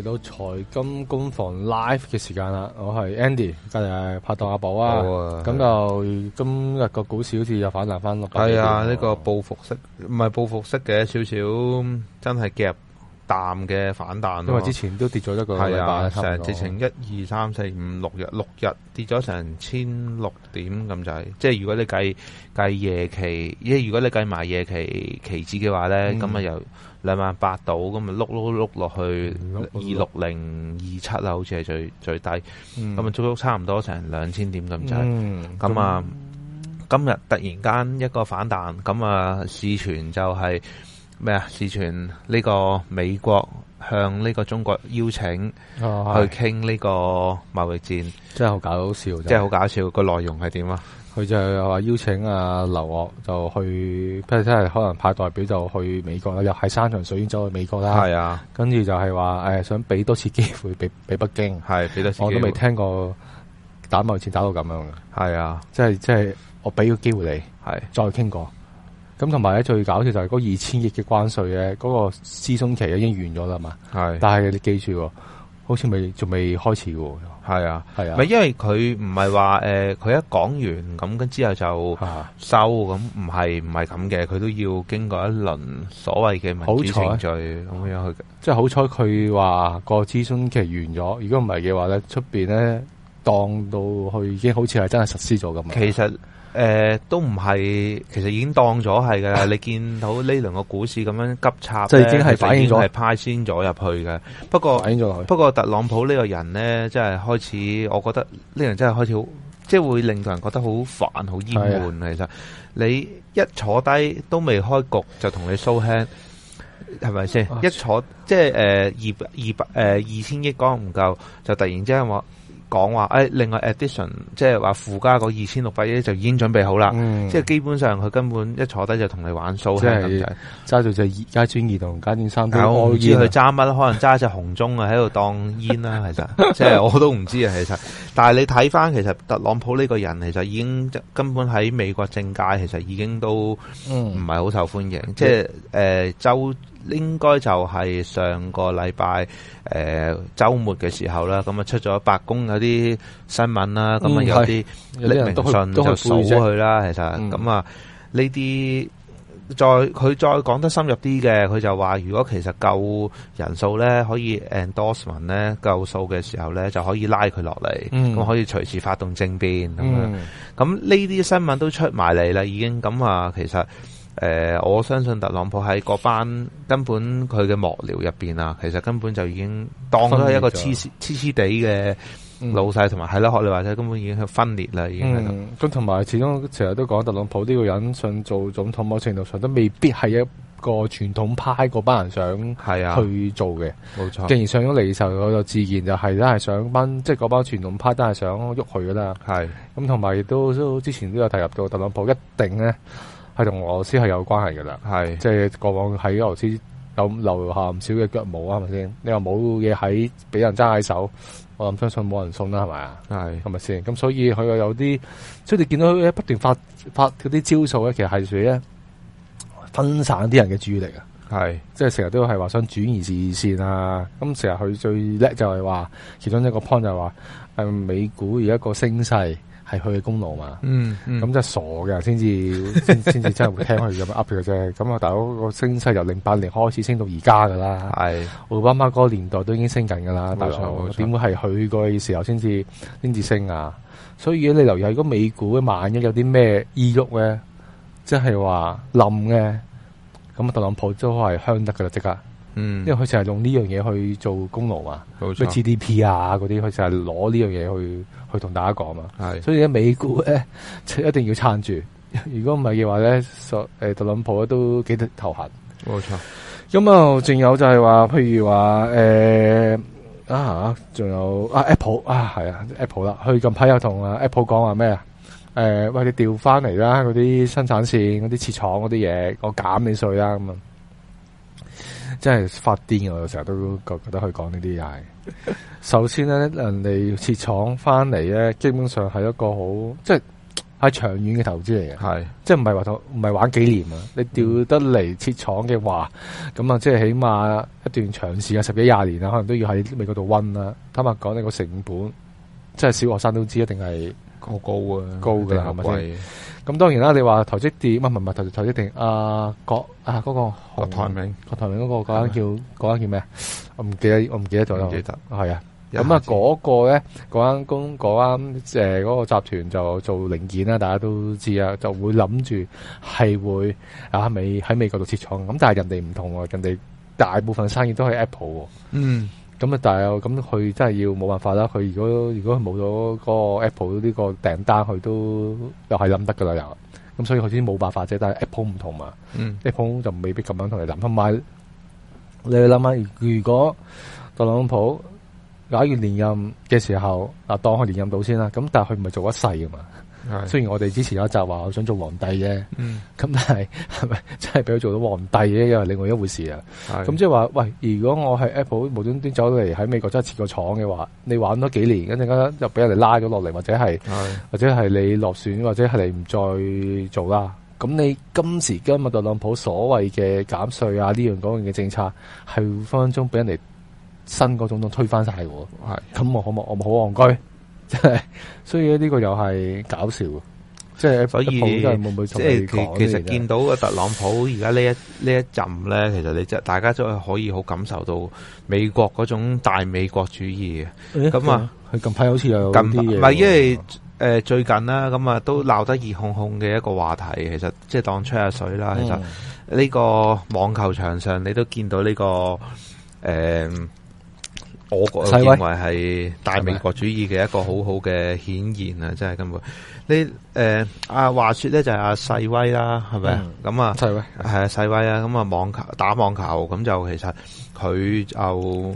嚟到財金工房 live 嘅時間啦，我係 Andy，今日拍檔阿寶啊，咁、哦啊嗯、就今日個股市好似又反彈翻六百幾點。係啊，呢、這個報復式唔係報復式嘅，少少真係夾淡嘅反彈。因為之前都跌咗一個禮拜，啊、成直情一二三四五六日六日跌咗成千六點咁仔。即、就、係、是、如果你計計夜期，一如果你計埋夜期期指嘅話咧，咁、嗯、啊又。兩萬八度，咁咪碌碌碌落去滾滾滾二六零二七啦，好似係最最低。咁、嗯嗯、啊，足足差唔多成兩千點咁滯。咁啊，今日突然間一個反彈，咁啊，市傳就係、是、咩啊？市傳呢個美國向呢個中國邀請去傾呢個貿易戰，真係好搞笑。真係好搞笑，個內容係點啊？佢就係話邀請阿劉鶴就去，即係可能派代表就去美國啦，又係山長水遠走去美國啦。係啊，跟住就係話誒，想俾多次機會俾俾北京，係俾多次。我都未聽過打貿易戰打到咁樣嘅。係啊，即係即係我俾個機會你，係再傾過。咁同埋咧最搞笑就係嗰二千億嘅關稅咧，嗰、嗰個諮詢期已經完咗啦嘛。係，但係你記住，好似未仲未開始嘅。係啊，係啊，唔係因為佢唔係話誒，佢、呃、一講完咁跟之後就收咁，唔係唔係咁嘅，佢都要經過一輪所謂嘅民主程序咁、啊、樣去。即係好彩佢話個諮詢期完咗，如果唔係嘅話咧，出邊咧當到佢已經好似係真係實施咗咁其實。誒、呃，都唔係，其實已經當咗係㗎啦。 你見到呢輪個股市咁樣急插，即係已經係反映咗，係派先咗入去嘅。不過不過特朗普呢個人咧，真係開始，我覺得呢人真係開始，即係會令到人覺得好煩、好厭悶。其實 你一坐低都未開局，就同你 show hand，係咪先？ 一坐即係誒二二百誒二千億講唔夠，就突然之間話。講話誒，另外 addition 即係話附加嗰二千六百億就已經準備好啦、嗯，即係基本上佢根本一坐低就同你玩數係咁滯，揸住隻二加樽二同加樽三，我唔知佢揸乜，可能揸隻紅中啊喺度當煙啦，其實， 即係我都唔知啊，其實。但係你睇返其實特朗普呢個人其實已經根本喺美國政界其實已經都唔係好受歡迎，嗯、即係誒周。呃應該就係上個禮拜誒週末嘅時候啦，咁啊出咗白宮嗰啲新聞啦，咁、嗯、啊有啲匿名信就數咗佢啦，其實咁啊呢啲再佢再講得深入啲嘅，佢就話如果其實夠人數咧，可以 endorsement 咧夠數嘅時候咧，就可以拉佢落嚟，咁、嗯、可以隨時發動政變咁、嗯、樣。咁呢啲新聞都出埋嚟啦，已經咁啊，其實。誒、呃，我相信特朗普喺嗰班根本佢嘅幕僚入邊啊，其實根本就已經當佢係一個痴痴痴哋嘅老細，同埋係咯，學你話齋，根本已經分裂啦，嗯，已經咁。咁同埋始終成日都講特朗普呢個人想做總統，某程度上都未必係一個傳統派嗰班人想係啊去做嘅，冇錯，啊。既然上咗嚟嘅時候，我就自然就係都係想，就是，班即係嗰班傳統派都係想喐佢噶啦，係。咁同埋亦都之前都有提及到，特朗普一定咧。係同俄羅斯係有關係噶啦，係即係過往喺俄羅斯有留下唔少嘅腳毛，係咪先？你話冇嘢喺俾人揸喺手，我諗相信冇人送啦，係咪啊？係，係咪先？咁所以佢又有啲，所以你見到佢不斷發發啲招數咧，其實係屬於咧分散啲人嘅注意力啊。係，即係成日都係話想轉移視線啊。咁成日佢最叻就係話，其中一個 point 就係話，誒、嗯，美股而家一個升勢。係佢嘅功勞嘛，咁、嗯嗯、就係傻嘅先至，先至真係會聽佢咁樣 up 嘅啫。咁啊，大佬個升勢由零八年開始升到而家噶啦，奧巴馬嗰個年代都已經升緊噶啦，大佬，點會係佢個時候先至先至升啊？所以如果你留意，如果美股萬一有啲咩意郁咧，即係話冧咧，咁特朗普都係香得噶啦，即刻。嗯、因為佢成日用呢樣嘢去做功勞嘛，咩 GDP 啊嗰啲，佢成日攞呢樣嘢去去同大家講啊，係，所以咧美股咧一定要撐住，如果唔係嘅話咧，誒、呃、特朗普咧都幾得頭痕。冇錯，咁、嗯、啊，仲有就係話，譬如話誒、呃、啊，仲有啊 Apple 啊，係啊 Apple, Apple、呃、啦，佢近排又同啊 Apple 講話咩啊？誒，喂你調翻嚟啦，嗰啲生產線、嗰啲設廠嗰啲嘢，我減你稅啦咁啊。真係發癲，我有時候都覺覺得佢講呢啲嘢。係。首先咧，人哋設廠翻嚟咧，基本上係一個好即係喺長遠嘅投資嚟嘅，係即係唔係話唔係玩幾年啊？你調得嚟設廠嘅話，咁、嗯、啊，即係起碼一段長時間，十幾廿年啊，可能都要喺美國度溫啦。坦白講，你個成本，即係小學生都知，一定係好高啊，高嘅，係咪咁當然啦，你話台積電，唔係唔係台積台積電，阿郭啊嗰個郭台銘，郭台銘嗰個嗰間叫嗰間叫咩啊？我唔記得，我唔記得咗。唔記得，係啊。咁啊嗰個咧，嗰間公嗰間誒嗰個集團就做零件啦，大家都知啊，就會諗住係會啊美喺美國度設廠。咁但係人哋唔同喎，人哋大部分生意都係 Apple 喎。嗯。咁啊，但係咁佢真係要冇辦法啦。佢如果如果冇咗個 Apple 呢個訂單，佢都又係諗得噶啦又。咁所以佢先冇辦法啫。但係 Apple 唔同嘛，嗯，Apple 就未必咁樣同你諗。同埋你諗下，如果特朗普假如連任嘅時候啊，當佢連任到先啦。咁但係佢唔係做一世噶嘛。雖然我哋之前有一集話我想做皇帝啫，咁但係係咪真係俾佢做到皇帝嘅又係另外一回事啊。咁即係話，喂，如果我喺 Apple 無端端走嚟喺美國真係設個廠嘅話，你玩多幾年，跟住，而家又俾人哋拉咗落嚟，或者係或者係你落選，或者係你唔再做啦。咁你今時今日特朗普所謂嘅減稅啊，呢樣嗰樣嘅政策，係分分鐘俾人哋新嗰種種推翻晒。喎。咁，我可唔我咪好戇居？即 係，所以呢個又係搞笑。即係，所以即係，其實見到個特朗普而家 呢一呢一陣咧，其實你即係大家都係可以好感受到美國嗰種大美國主義嘅。咁、哎、啊，佢近排好似有近唔係，因為誒、呃、最近啦、啊，咁啊都鬧得熱烘烘嘅一個話題。其實即係當吹下水啦。嗯、其實呢個網球場上，你都見到呢、這個誒。呃我我認為係大美國主義嘅一個很好好嘅顯現啊！真係根本你誒、呃、啊，話說咧就係阿、啊、細威啦，係、嗯、咪啊？咁啊，細威係啊細威啊，咁啊網球打網球，咁就其實佢就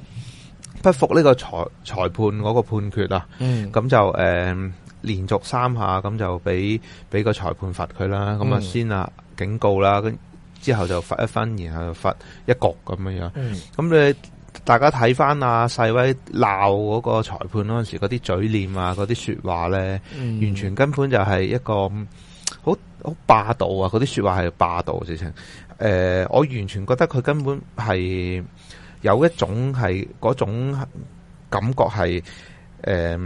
不服呢個裁裁判嗰個判決啊，咁、嗯、就誒、呃、連續三下咁就俾俾個裁判罰佢啦，咁啊先啊警告啦，跟、嗯、之後就罰一分，然後就罰一局咁樣樣，咁、嗯、咧。那你大家睇翻啊，細威鬧嗰個裁判嗰陣時，嗰啲嘴臉啊，嗰啲說話咧，嗯、完全根本就係一個好好霸道啊！嗰啲說話係霸道事情。誒、呃，我完全覺得佢根本係有一種係嗰種感覺係，誒、呃，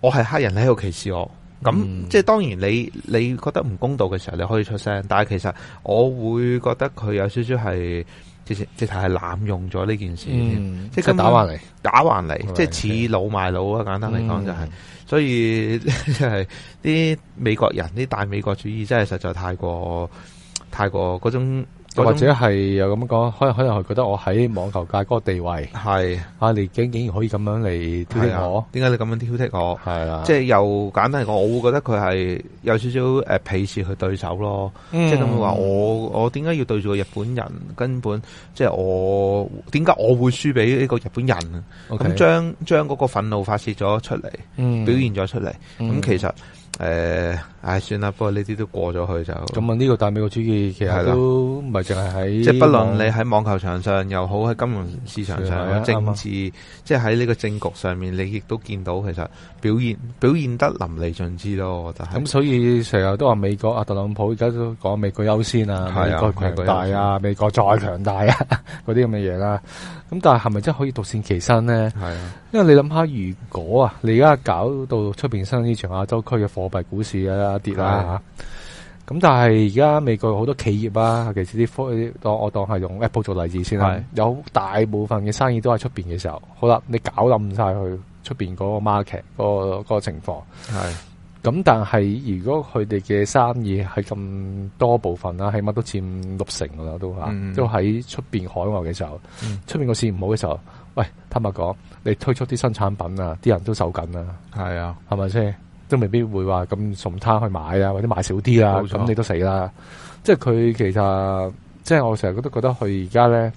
我係黑人你喺度歧視我。咁、嗯、即係當然你，你你覺得唔公道嘅時候，你可以出聲。但係其實我會覺得佢有少少係。直直係濫用咗呢件事，嗯、即係打橫嚟，打橫嚟，即係恃老賣老啊！簡單嚟講就係、是嗯，所以即係啲美國人啲大美國主義真係實在太過太過嗰種。或者係又咁講，可能可能佢覺得我喺網球界嗰個地位係，啊你竟竟然可以咁樣嚟，挑剔我，點解你咁樣挑剔我？係啊，即係又簡單嚟講，我會覺得佢係有少少誒鄙視佢對手咯。即係咁會話我，我點解要對住個日本人？根本即係、就是、我點解我會輸俾呢個日本人？咁將將嗰個憤怒發泄咗出嚟，嗯、表現咗出嚟咁，嗯、其實。誒，唉，算啦，不過呢啲都過咗去了就。咁啊，呢個大美國主義其實都唔係淨係喺，即係不論你喺網球場上又好，喺金融市場上，政治，即係喺呢個政局上面，你亦都見到其實表現表現得淋漓盡致咯。我覺得。咁所以成日都話美國阿特朗普而家都講美國優先啊，美國強大啊，美國再強大啊，嗰啲咁嘅嘢啦。咁 但係係咪真係可以獨善其身呢？係啊。因為你諗下，如果啊，你而家搞到出邊新呢場亞洲區嘅火。貨幣股市嘅、啊、跌啦吓，咁、啊、但係而家美國好多企業啊，尤其是啲科，我我當係用 Apple 做例子先啦。係有大部分嘅生意都喺出邊嘅時候，好啦，你搞冧晒佢出邊嗰個 market，嗰、嗰個、嗰個情況係。咁、啊、但係如果佢哋嘅生意係咁多部分啦，起碼都佔六成噶啦，都吓，都喺出邊海外嘅時候，出邊個市唔好嘅時候，喂，坦白講，你推出啲新產品啊，啲人都受緊啦，係啊，係咪先？嗯都未必會話咁送攤去買啊，或者買少啲啦咁你都死啦。即係佢其實即係我成日都覺得佢而家咧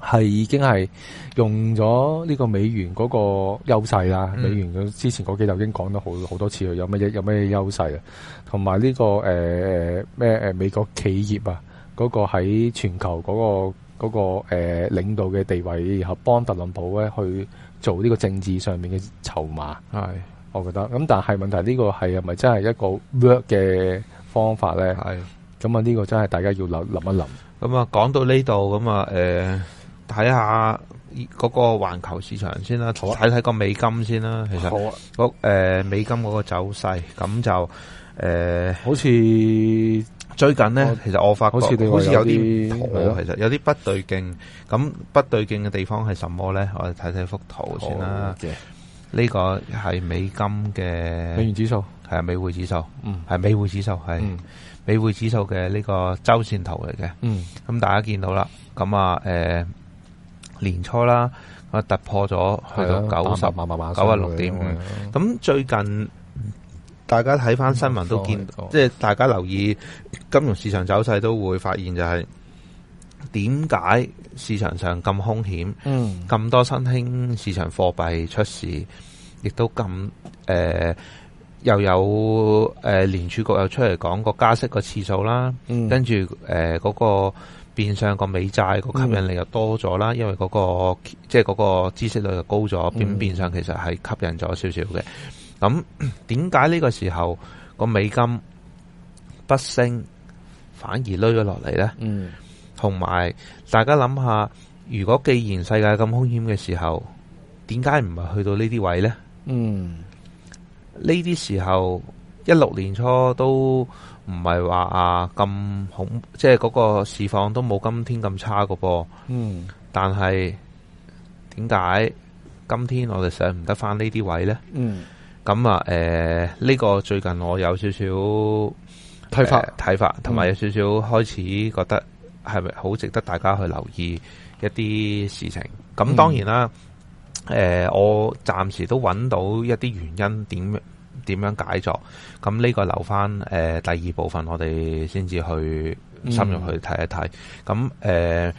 係已經係用咗呢個美元嗰個優勢啦。美元之前嗰幾日已經講咗好好多次有，有咩有咩優勢啊？同埋呢個誒咩誒美國企業啊，嗰、嗰個喺全球嗰、嗰個嗰、嗰個誒、呃、領導嘅地位，然後幫特朗普咧去做呢個政治上面嘅籌碼係。我覺得咁，但係問題，呢個係咪真係一個 work 嘅方法咧？係咁啊，呢個真係大家要諗諗一諗，嗯。咁啊，講到呢度咁啊，誒，睇下嗰個環球市場先啦，睇睇個美金先啦。其實，好啊，誒、呃、美金嗰個走勢，咁就誒、呃，好似最近咧，其實我發覺好似有啲其實有啲不對勁。咁不對勁嘅地方係什麼咧？我哋睇睇幅圖先啦。呢個係美金嘅美元指數，係啊美匯指數，嗯，係美匯指數，係美匯指數嘅呢個周線圖嚟嘅，嗯，咁、嗯、大家見到啦，咁、呃、啊，誒，年初啦，我突破咗去到九十，萬萬九啊六點五，咁最近大家睇翻新聞都、嗯嗯嗯、見到，即係大家留意金融市場走勢都會發現就係、是。點解市場上咁兇險？嗯，咁多新興市場貨幣出事，亦都咁誒、呃，又有誒聯儲局又出嚟講個加息個次數啦。跟住誒嗰個變相個美債個吸引力又多咗啦、嗯，因為嗰、那個即係個孳息率又高咗，變變相其實係吸引咗少少嘅。咁點解呢個時候個美金不升反而攞咗落嚟咧？嗯。同埋，大家諗下，如果既然世界咁凶險嘅時候，點解唔係去到呢啲位呢？嗯，呢啲時候一六年初都唔係話啊咁恐，即係嗰個市況都冇今天咁差個噃。嗯，但係點解今天我哋上唔得翻呢啲位呢？嗯，咁啊，誒、呃，呢、這個最近我有少少睇法，睇、呃、法，同埋有少少開始覺得。係咪好值得大家去留意一啲事情？咁當然啦，誒、嗯呃，我暫時都揾到一啲原因點樣，點點樣解作？咁呢個留翻誒、呃、第二部分，我哋先至去深入去睇一睇。咁、嗯、誒、呃，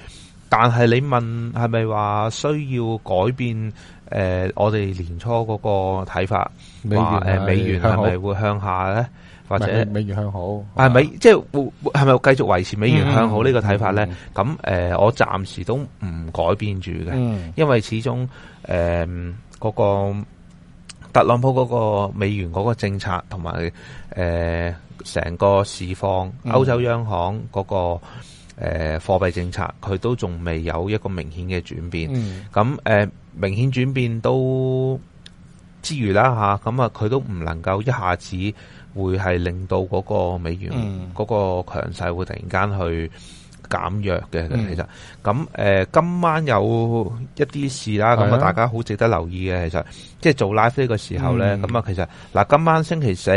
但係你問係咪話需要改變？誒、呃，我哋年初嗰個睇法，話誒美元係咪、呃、會向下咧？或者美元向好，係咪即係係咪繼續維持美元向好這個呢個睇法咧？咁、嗯、誒、呃，我暫時都唔改變住嘅、嗯，因為始終誒、呃那個特朗普嗰個美元嗰個政策，同埋誒成個市況、嗯、歐洲央行嗰、那個誒、呃、貨幣政策，佢都仲未有一個明顯嘅轉變。咁、嗯、誒、呃，明顯轉變都。之餘啦嚇，咁啊佢都唔能夠一下子會係令到嗰個美元嗰個強勢會突然間去減弱嘅、嗯、其實，咁、啊、誒今晚有一啲事啦，咁、嗯、啊大家好值得留意嘅其實，即係做 live 嘅時候咧，咁、嗯、啊其實嗱、啊、今晚星期四。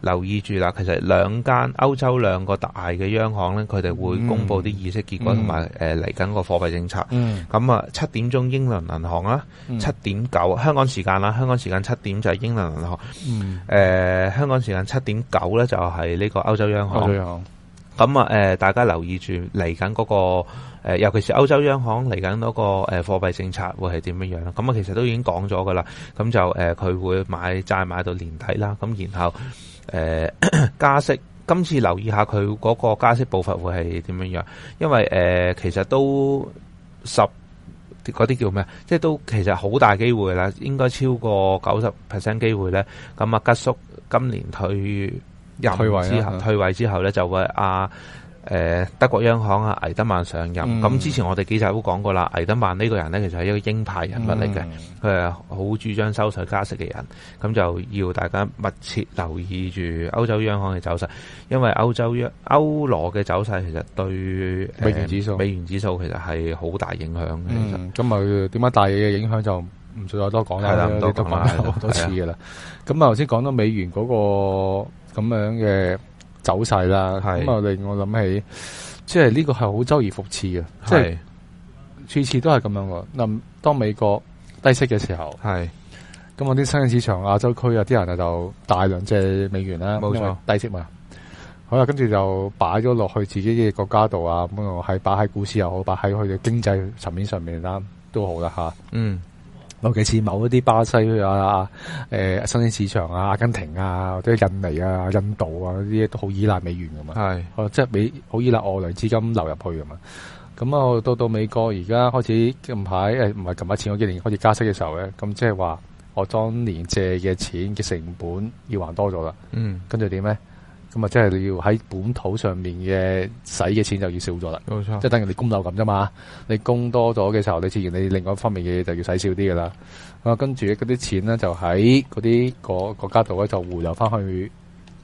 留意住啦，其實兩間歐洲兩個大嘅央行呢，佢哋會公布啲議息結果同埋誒嚟緊個貨幣政策。咁、嗯、啊，七點鐘英倫銀行啦，七點九香港時間啦，香港時間七點就係英倫銀行。誒、嗯呃、香港時間七點九呢，就係呢個歐洲央行。咁、嗯、啊、呃、大家留意住嚟緊嗰個。誒，尤其是歐洲央行嚟緊嗰個誒貨幣政策會係點樣樣啦？咁我其實都已經講咗噶啦。咁就誒，佢、呃、會買債買到年底啦。咁然後誒、呃、加息，今次留意下佢嗰個加息步伐會係點樣樣。因為誒、呃，其實都十嗰啲叫咩？即係都其實好大機會啦，應該超過九十 percent 機會咧。咁啊，吉叔今年退任之後退位、啊、退位之後咧，就會啊。誒，德國央行啊，魏德曼上任。咁、嗯、之前我哋記者都講過啦，魏德曼呢個人咧，其實係一個鷹派人物嚟嘅，佢係好主張收水加息嘅人。咁就要大家密切留意住歐洲央行嘅走勢，因為歐洲央歐羅嘅走勢其實對美元指數、美元指數、呃、其實係好大影響嘅。咁、嗯、啊，點解、嗯、大嘢嘅影響就唔再多講啦。係啦，唔多講啦，好多次噶啦。咁啊，頭先講到美元嗰個咁樣嘅走勢啦，咁啊令我諗起，即係呢個係好周而復次嘅，即係次次都係咁樣。嗱，當美國低息嘅時候，咁我啲新興市場、亞洲區啊啲人啊就大量借美元啦，冇錯，低息嘛。好啦，跟住就擺咗落去自己嘅國家度啊，咁啊係擺喺股市又好，擺喺佢嘅經濟層面上面啦，都好啦吓。尤其是某一啲巴西啊、啊、啊、新興市場啊、阿根廷啊、或者印尼啊、印度啊啲嘢都好依賴美元㗎嘛，係，即係美好依賴外來資金流入去㗎嘛。咁啊，到到美國而家開始近排唔係近排前嗰幾年開始加息嘅時候咧，咁即係話我當年借嘅錢嘅成本要還多咗啦。嗯跟，跟住點咧？咁啊，即係你要喺本土上面嘅使嘅錢就要少咗啦。冇錯，即係等於你供樓咁啫嘛。你供多咗嘅時候，你自然你另外一方面嘅嘢就要使少啲噶啦。啊，跟住嗰啲錢咧就喺嗰啲國國家度咧就回流翻去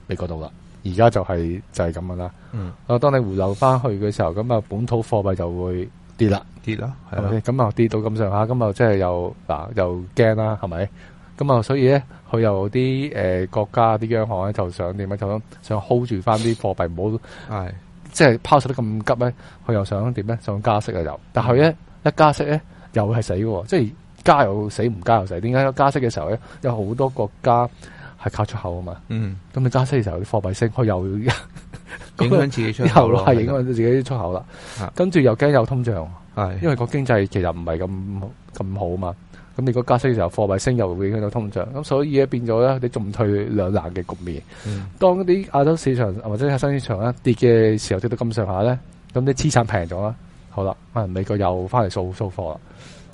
美國度啦。而家就係就係咁樣啦。嗯。啊，當你回流翻去嘅時候，咁啊本土貨幣就會跌啦，跌啦。係咪？咁、okay、啊跌到咁上下，咁啊即係又嗱又驚啦，係咪？咁、嗯、啊，所以咧，佢又啲誒國家啲央行咧，就想點咧，就想 hold 住翻啲貨幣，唔好係即係拋售得咁急咧。佢又想點咧？想加息啊！又，但係咧一加息咧，又係死嘅，即係加又死，唔加又死。點解？加息嘅時候咧，有好多國家係靠出口啊嘛。嗯。咁你加息嘅時候啲貨幣升，佢又影響自己出口咯，影響自己出口啦。跟住又驚有通脹，係因為個經濟其實唔係咁咁好啊嘛。咁你如果加息嘅時候，貨幣升又會影響到通脹，咁所以咧變咗咧，你進退兩難嘅局面。嗯、當嗰啲亞洲市場或者係新興市場咧跌嘅時候，跌到咁上下咧，咁你資產平咗啦，好啦，啊美國又翻嚟掃掃貨啦，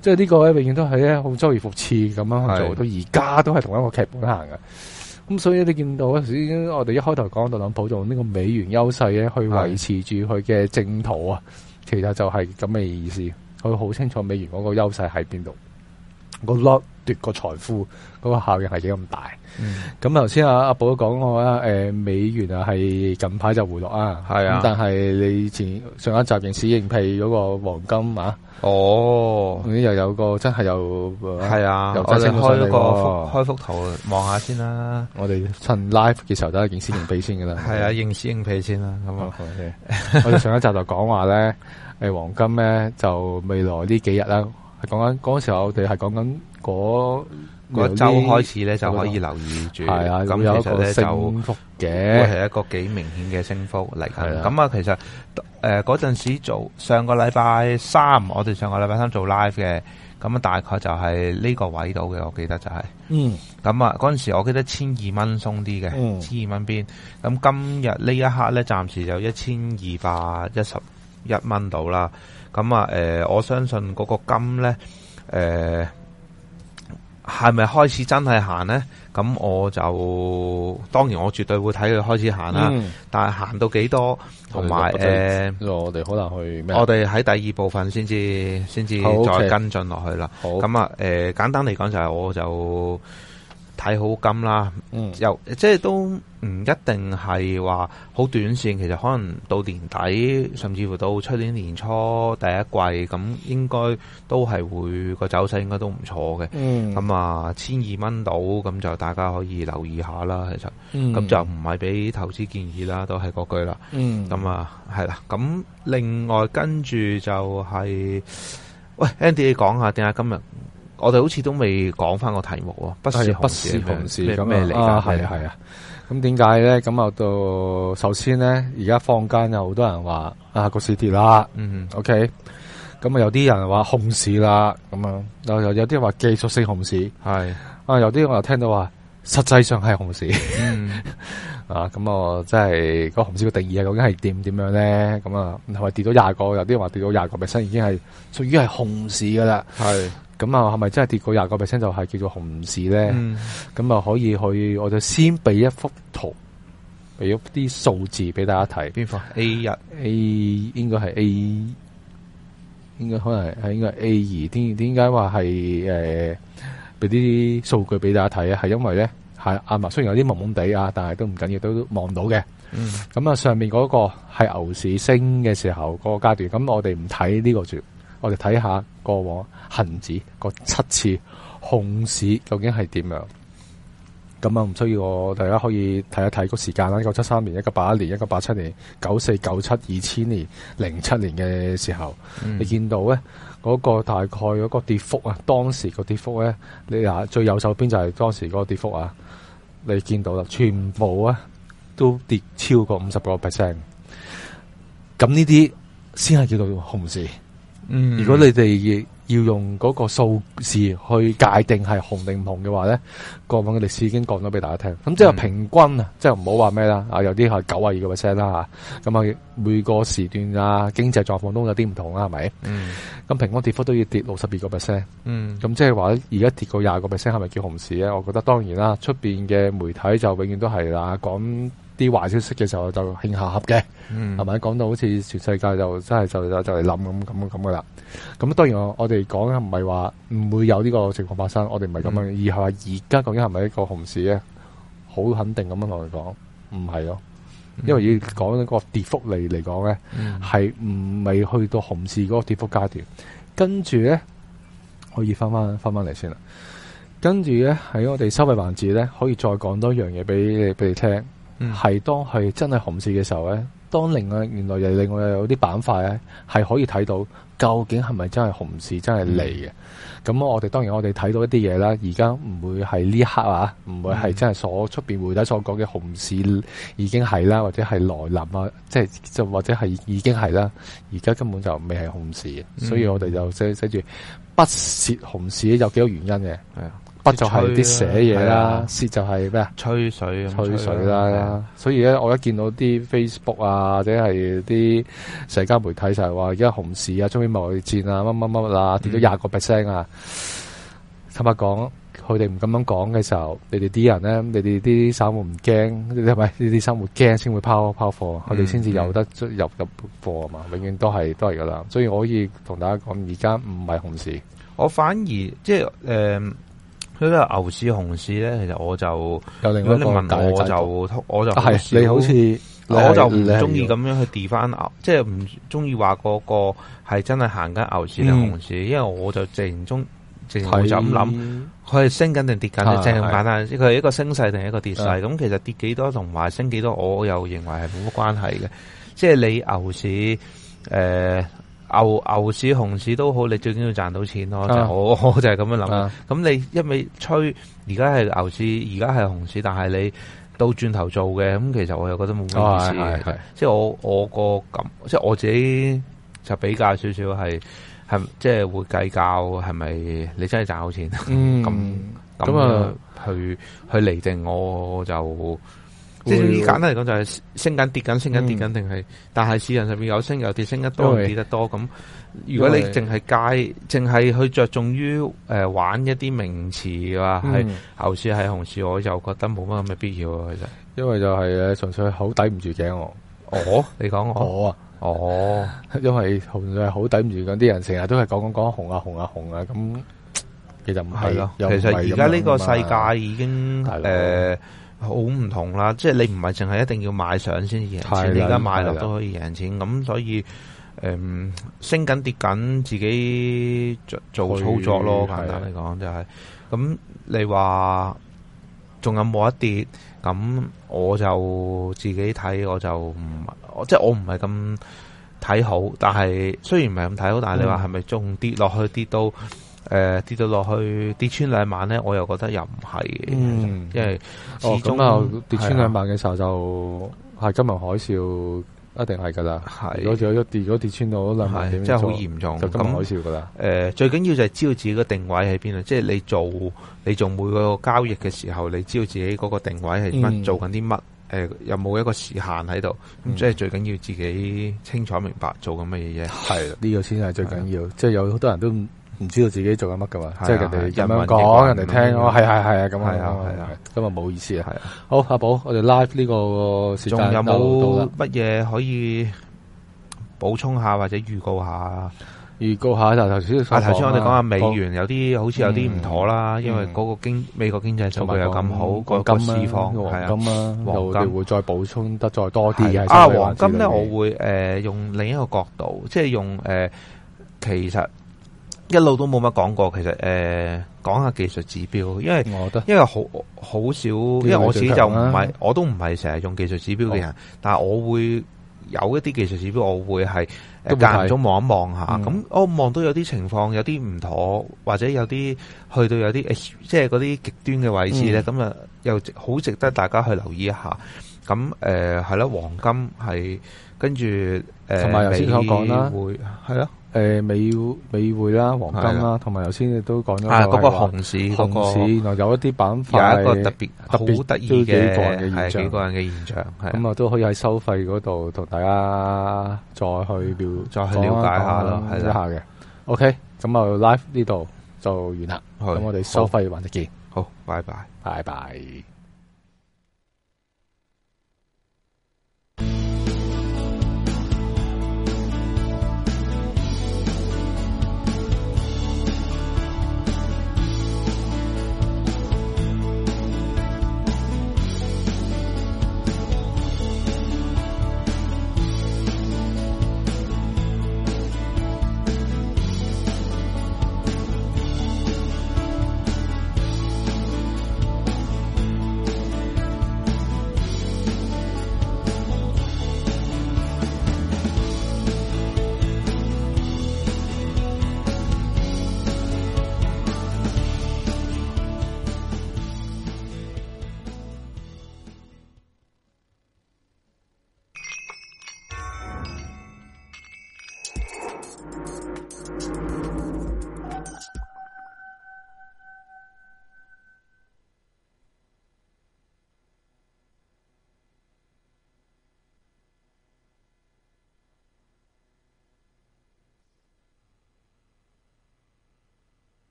即係呢個咧永遠都係咧好周而復始咁樣做，到而家都係同一個劇本行嘅。咁所以你見到，首先我哋一開頭講到，特朗普用呢個美元優勢咧去維持住佢嘅正途啊，其實就係咁嘅意思，佢好清楚美元嗰個優勢喺邊度。個落奪個財富嗰個效應係幾咁大？咁頭先阿阿寶講過啦，誒，美元啊係近排就回落啊，係啊。但係你前上一集認市認屁嗰個黃金、哦、個啊，哦，咁又有個真係又係啊，我哋開咗個開幅圖望下先啦。我哋、啊、趁 live 嘅時候都係認市認屁先噶啦。係啊，認市認屁先啦。咁、嗯、啊，嗯、我哋上一集就講話咧，誒，黃金咧就未來呢幾日啦。講緊嗰時候我，我哋係講緊嗰嗰周開始咧就可以留意住。係啊，咁其實咧就升幅嘅，係一個幾明顯嘅升幅嚟。咁啊，其實誒嗰陣時做上個禮拜三，我哋上個禮拜三做 live 嘅，咁啊大概就係呢個位度嘅，我記得就係、是。嗯。咁啊，嗰陣時我記得千二蚊鬆啲嘅，千二蚊邊。咁今日呢一刻咧，暫時就一千二百一十。一蚊到啦，咁啊、呃，我相信嗰個金咧，呃、係咪開始真係行咧？咁我就當然我絕對會睇佢開始行啦、啊，嗯、但係行到幾多同埋誒，我哋可能去，咩？我哋喺第二部分先至先至再跟進落去啦。好，咁、okay、啊、呃，簡單嚟講就係我就。睇好金啦，又、嗯、即係都唔一定係話好短線，其實可能到年底，甚至乎到出年年初第一季，咁應該都係會個走勢應該都唔錯嘅。咁啊千二蚊到，咁就大家可以留意下啦。其實咁、嗯、就唔係俾投資建議啦，都係嗰句啦。咁啊係啦。咁另外跟住就係、是、喂 Andy 你講下，點解今日？我哋好似都未講返個題目喎，不是，是不是熊市咁咩嚟㗎？係係啊，咁點解呢？咁啊，到首先呢，而家坊間有好多人話啊，個市跌啦，嗯，嗯，OK，咁有啲人話熊市啦，咁啊，有啲人話技術性熊市，係啊，有啲我又聽到話實際上係熊市，嗯，啊，咁我即係嗰個熊市嘅定義究竟係點點樣呢？咁啊，係咪跌到廿個，有啲話跌到廿個 percent 已經係屬於係熊市㗎啦，係。咁啊，係咪真係跌過廿個 percent 就係、是、叫做熊市咧？咁啊，可以去，我就先俾一幅圖，俾一啲數字俾大家睇。邊幅 A 一、A1、A 應該係 A，應該可能係應該 A 二。點點解話係誒？俾啲數據俾大家睇啊，係因為咧，係阿嫲雖然有啲蒙蒙地啊，但係都唔緊要，都望到嘅。咁啊，上面嗰個係牛市升嘅時候嗰個階段，咁我哋唔睇呢個柱。我哋睇下過往恒指個七次熊市究竟係點樣？咁啊，唔需要我大家可以睇一睇嗰時間啦。一九七三年、一九八一年、一九八七年、九四、九七、二千年、零七年嘅時候，嗯、你見到咧嗰、嗰個大概嗰個跌幅啊，當時個跌幅咧，你嗱最右手邊就係當時嗰個跌幅啊，你見到啦，全部啊都跌超過五十個 percent。咁呢啲先係叫做熊市。嗯，如果你哋要用嗰個數字去界定係熊定唔熊嘅話咧，過往嘅歷史已經講咗俾大家聽。咁即係平均啊、嗯，即係唔好話咩啦，啊有啲係九啊二個 percent 啦吓，咁啊每個時段啊經濟狀況都有啲唔同啦，係咪？嗯，咁平均跌幅都要跌六十二個 percent。嗯，咁即係話而家跌過廿個 percent 係咪叫熊市咧？我覺得當然啦，出邊嘅媒體就永遠都係啦講啲壞消息嘅時候就慶下合嘅，係咪講到好似全世界就真係就就就嚟諗咁咁咁噶啦？咁當然我哋哋講嘅唔係話唔會有呢個情況發生，我哋唔係咁樣，嗯、而係話而家究竟係咪一個熊市咧？好肯定咁樣同佢講唔係咯，因為要講一個跌幅嚟嚟講咧，係唔未去到熊市嗰個跌幅階段。跟住咧可以翻翻翻翻嚟先啦。跟住咧喺我哋收費環節咧，可以再講多一樣嘢俾你俾你聽。係當係真係熊市嘅時候咧，當另外原來又另外又有啲板塊咧，係可以睇到究竟係咪真係熊市真係嚟嘅？咁、嗯、我哋當然我哋睇到一啲嘢啦，而家唔會係呢一刻啊，唔會係真係所出邊媒體所講嘅熊市已經係啦，或者係來臨啊，即係就是、或者係已經係啦，而家根本就未係熊市，所以我哋就寫寫住筆舌熊市有幾個原因嘅。嗯筆就係啲寫嘢啦，舌、啊啊啊啊、就係、是、咩啊？吹水、啊，吹水啦！所以咧，我一見到啲 Facebook 啊，或者係啲社交媒體，就係話而家熊市啊，中美貿易戰啊，乜乜乜乜啊，跌咗廿個 percent 啊！坦白講佢哋唔咁樣講嘅時候，你哋啲人咧，你哋啲散戶唔驚，係咪？你啲散戶驚先會拋拋貨，佢哋先至有得、嗯、入入貨啊嘛！永遠都係都係噶啦，所以我可以同大家講，而家唔係熊市。我反而即係誒。呃所以牛市、熊市咧，其實我就有另外一個。如果你問我就，我就係、哎、你好似我就唔中意咁樣去跌翻牛，即係唔中意話嗰個係真係行緊牛市定熊市、嗯，因為我就自然中，自然我就咁諗，佢係升緊定跌緊，正咁簡單。佢係一個升勢定係一個跌勢，咁其實跌幾多同埋升幾多，我又認為係冇乜關係嘅。即係你牛市誒。呃牛牛市、熊市都好，你最緊要賺到錢咯。啊就是，我我就係咁樣諗。咁、啊、你一味吹，而家係牛市，而家係熊市，但係你倒轉頭做嘅，咁其實我又覺得冇咩意思，即係我我個感，即係我自己就比較少少係，係即係會計較係咪你真係賺到錢。咁咁啊，去去嚟定我，我就。即係依簡單嚟講，就係升緊跌緊，升緊跌緊，定係。嗯、但係市場上面有升有跌，升得多，跌得多。咁如果你淨係介，淨係去著重於、呃、玩一啲名詞，話係牛市係熊市，我就覺得冇乜咁嘅必要啊！其實，因為就係嘅，純粹好抵唔住頸哦。你我你講我我啊，哦，因為係好抵唔住頸，啲人成日都係講講講熊啊熊啊熊啊咁，其實唔係囉。其實而家呢個世界已經好唔同啦，即係你唔係淨係一定要買上先贏錢，你而家買落都可以贏錢。咁所以，誒、嗯，升緊跌緊，自己做操作咯，簡單嚟講就係、是。咁你話仲有冇一跌？咁我就自己睇，我就唔，即係我唔係咁睇好。但係雖然唔係咁睇好，但係你話係咪仲跌落去跌到？誒、呃，跌到落去跌穿兩萬咧，我又覺得又唔係嘅，因、嗯、為始終、哦、跌穿兩萬嘅時候就係金融海嘯，一定係噶啦。啊、如果仲有跌，嗰跌穿到兩萬點，即係好嚴重。就金融海嘯噶啦。誒、嗯呃，最緊要就係知道自己個定位喺邊啊！即係你做你做每個交易嘅時候，你知道自己嗰個定位係乜，嗯、做緊啲乜？誒、呃，有冇一個時限喺度？嗯、即係最緊要自己清楚明白做緊乜嘢嘢。係、嗯、啦、啊，呢個先係最緊要。 啊、即係有好多人都。唔知道自己做緊乜噶嘛即係、啊就是、人哋咁講，人哋聽咯，係係係啊，咁啊，係啊，咁啊冇意思啊，係啊。好，阿寶，我哋 live 呢個時有冇乜嘢可以補充下或者預告下？預告下，頭頭先，啊、我哋講下美元有啲好似有啲唔妥啦，嗯、因為嗰個經美國經濟數據有咁好，嗯嗯金啊那個金市況，咁金啊，黃金、啊啊、會再補充得再多啲嘅。啊，黃金咧，我會誒用另一個角度，即係用誒，其實。一路都冇乜講過，其實誒，講、呃、下技術指標，因為我覺得因為好好少，因為我自己就唔係，啊、我都唔係成日用技術指標嘅人，哦、但係我會有一啲技術指標，我會係間唔中望一望下，咁我望到有啲情況有啲唔妥，或者有啲去到有啲即係嗰啲極端嘅位置咧，咁、嗯、啊又好值得大家去留意一下。咁誒係啦，黃金係跟住誒，同埋頭先所講啦，會係咯。誒，美美匯啦，黃金啦，同埋頭先亦都講咗嗰個，啊，嗰個熊市，熊市，原來有一啲板塊有一個特別、特別、好得意嘅係幾個人嘅現象。咁啊都可以喺收費嗰度同大家再去了再去了解下咯，係啦，下嘅，OK，咁啊，live 呢度就完啦，咁我哋收費環節見，好，拜拜，拜拜。